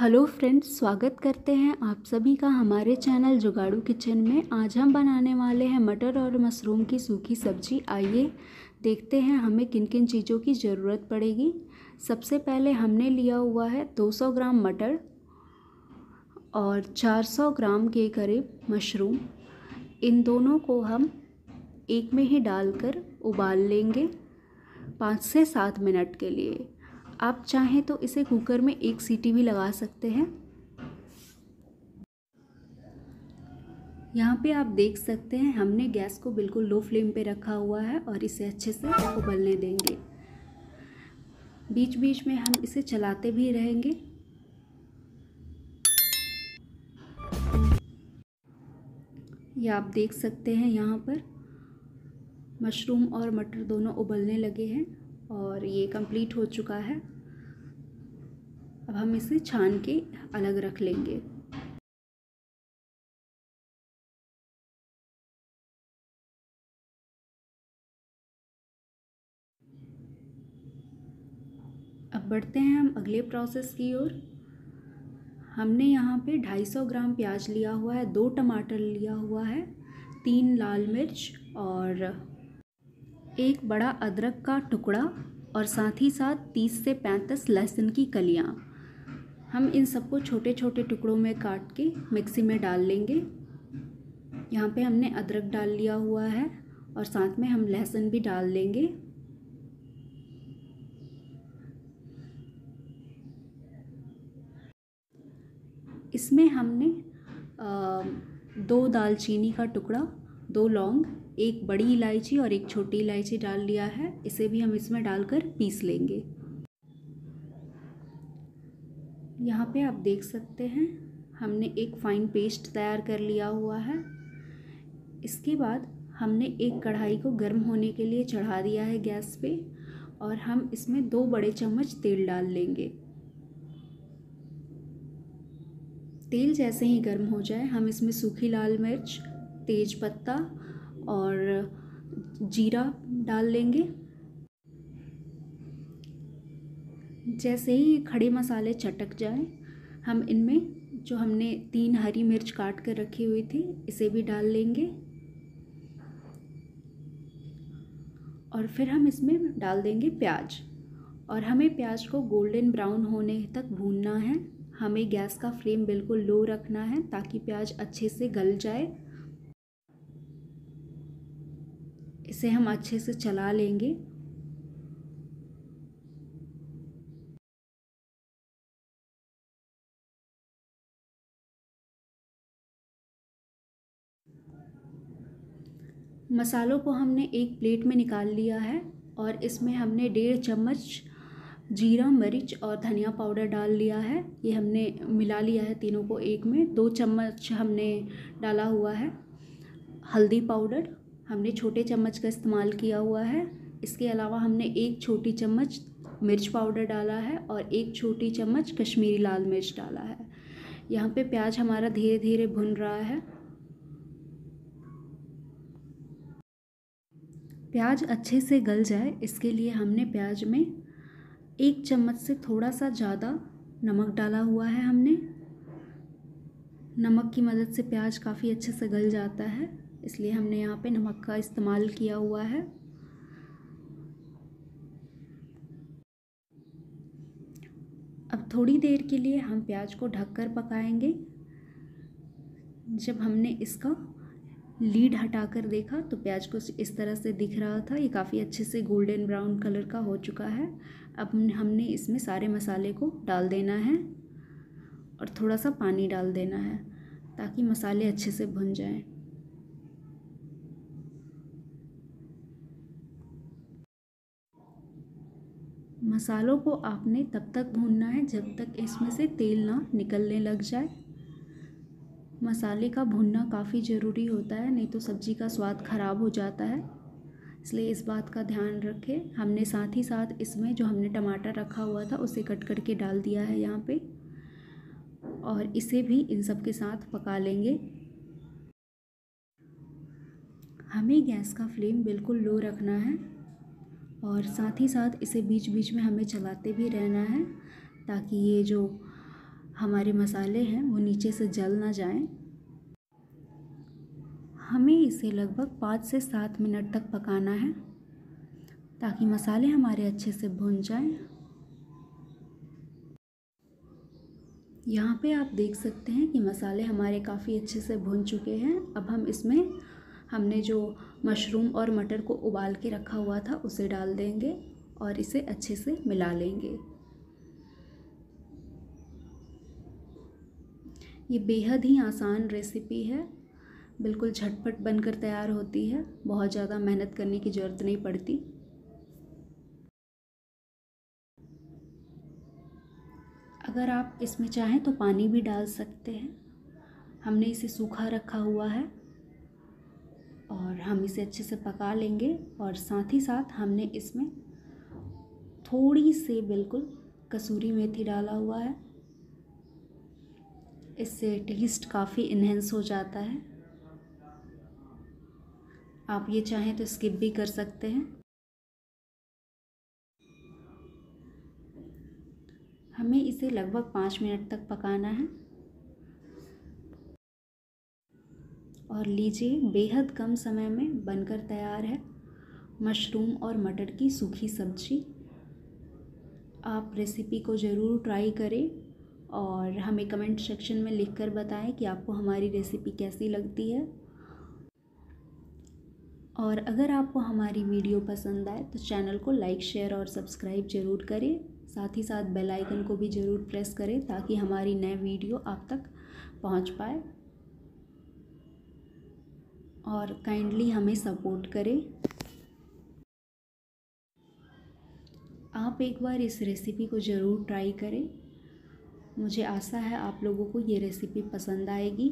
hello friends स्वागत करते हैं आप सभी का हमारे चैनल जुगाड़ू किचन में आज हम बनाने वाले हैं मटर और मशरूम की सूखी सब्जी आइए देखते हैं हमें किन किन चीज़ों की ज़रूरत पड़ेगी सबसे पहले हमने लिया हुआ है 200 ग्राम मटर और 400 ग्राम के करीब मशरूम इन दोनों को हम एक में ही डालकर उबाल लेंगे पाँच से सात मिनट के लिए आप चाहें तो इसे कुकर में एक सीटी भी लगा सकते हैं यहाँ पे आप देख सकते हैं हमने गैस को बिल्कुल लो फ्लेम पे रखा हुआ है और इसे अच्छे से उबलने देंगे बीच बीच में हम इसे चलाते भी रहेंगे ये आप देख सकते हैं यहाँ पर मशरूम और मटर दोनों उबलने लगे हैं और ये कंप्लीट हो चुका है अब हम इसे छान के अलग रख लेंगे अब बढ़ते हैं हम अगले प्रोसेस की ओर हमने यहाँ पे 250 ग्राम प्याज लिया हुआ है दो टमाटर लिया हुआ है तीन लाल मिर्च और एक बड़ा अदरक का टुकड़ा और साथ ही साथ तीस से पैंतीस लहसुन की कलियाँ हम इन सबको छोटे छोटे टुकड़ों में काट के मिक्सी में डाल लेंगे यहाँ पे हमने अदरक डाल लिया हुआ है और साथ में हम लहसुन भी डाल देंगे इसमें हमने दो दालचीनी का टुकड़ा दो लौंग एक बड़ी इलायची और एक छोटी इलायची डाल लिया है इसे भी हम इसमें डालकर पीस लेंगे यहाँ पे आप देख सकते हैं हमने एक फ़ाइन पेस्ट तैयार कर लिया हुआ है इसके बाद हमने एक कढ़ाई को गर्म होने के लिए चढ़ा दिया है गैस पे और हम इसमें दो बड़े चम्मच तेल डाल लेंगे तेल जैसे ही गर्म हो जाए हम इसमें सूखी लाल मिर्च तेज पत्ता और जीरा डाल लेंगे जैसे ही खड़े मसाले चटक जाए हम इनमें जो हमने तीन हरी मिर्च काट कर रखी हुई थी इसे भी डाल लेंगे और फिर हम इसमें डाल देंगे प्याज और हमें प्याज को गोल्डन ब्राउन होने तक भूनना है हमें गैस का फ्लेम बिल्कुल लो रखना है ताकि प्याज अच्छे से गल जाए इसे हम अच्छे से चला लेंगे मसालों को हमने एक प्लेट में निकाल लिया है और इसमें हमने डेढ़ चम्मच जीरा मरीच और धनिया पाउडर डाल लिया है ये हमने मिला लिया है तीनों को एक में दो चम्मच हमने डाला हुआ है हल्दी पाउडर हमने छोटे चम्मच का इस्तेमाल किया हुआ है इसके अलावा हमने एक छोटी चम्मच मिर्च पाउडर डाला है और एक छोटी चम्मच कश्मीरी लाल मिर्च डाला है यहाँ पे प्याज हमारा धीरे धीरे भुन रहा है प्याज अच्छे से गल जाए इसके लिए हमने प्याज में एक चम्मच से थोड़ा सा ज़्यादा नमक डाला हुआ है हमने नमक की मदद से प्याज काफ़ी अच्छे से गल जाता है इसलिए हमने यहाँ पे नमक का इस्तेमाल किया हुआ है अब थोड़ी देर के लिए हम प्याज को ढककर पकाएंगे जब हमने इसका लीड हटाकर देखा तो प्याज को इस तरह से दिख रहा था ये काफ़ी अच्छे से गोल्डन ब्राउन कलर का हो चुका है अब हमने इसमें सारे मसाले को डाल देना है और थोड़ा सा पानी डाल देना है ताकि मसाले अच्छे से भुन जाएं मसालों को आपने तब तक भूनना है जब तक इसमें से तेल ना निकलने लग जाए मसाले का भुनना काफ़ी ज़रूरी होता है नहीं तो सब्ज़ी का स्वाद ख़राब हो जाता है इसलिए इस बात का ध्यान रखें हमने साथ ही साथ इसमें जो हमने टमाटर रखा हुआ था उसे कट करके डाल दिया है यहाँ पे और इसे भी इन सब के साथ पका लेंगे हमें गैस का फ्लेम बिल्कुल लो रखना है और साथ ही साथ इसे बीच बीच में हमें चलाते भी रहना है ताकि ये जो हमारे मसाले हैं वो नीचे से जल ना जाएं हमें इसे लगभग पाँच से सात मिनट तक पकाना है ताकि मसाले हमारे अच्छे से भुन जाएं यहाँ पे आप देख सकते हैं कि मसाले हमारे काफ़ी अच्छे से भुन चुके हैं अब हम इसमें हमने जो मशरूम और मटर को उबाल के रखा हुआ था उसे डाल देंगे और इसे अच्छे से मिला लेंगे ये बेहद ही आसान रेसिपी है बिल्कुल झटपट बनकर तैयार होती है बहुत ज़्यादा मेहनत करने की ज़रूरत नहीं पड़ती अगर आप इसमें चाहें तो पानी भी डाल सकते हैं हमने इसे सूखा रखा हुआ है और हम इसे अच्छे से पका लेंगे और साथ ही साथ हमने इसमें थोड़ी से बिल्कुल कसूरी मेथी डाला हुआ है इससे टेस्ट काफ़ी इन्हेंस हो जाता है आप ये चाहें तो स्किप भी कर सकते हैं हमें इसे लगभग पाँच मिनट तक पकाना है और लीजिए बेहद कम समय में बनकर तैयार है मशरूम और मटर की सूखी सब्जी आप रेसिपी को ज़रूर ट्राई करें और हमें कमेंट सेक्शन में लिखकर बताएं कि आपको हमारी रेसिपी कैसी लगती है और अगर आपको हमारी वीडियो पसंद आए तो चैनल को लाइक शेयर और सब्सक्राइब ज़रूर करें साथ ही साथ बेल आइकन को भी ज़रूर प्रेस करें ताकि हमारी नए वीडियो आप तक पहुंच पाए और काइंडली हमें सपोर्ट करें आप एक बार इस रेसिपी को ज़रूर ट्राई करें मुझे आशा है आप लोगों को ये रेसिपी पसंद आएगी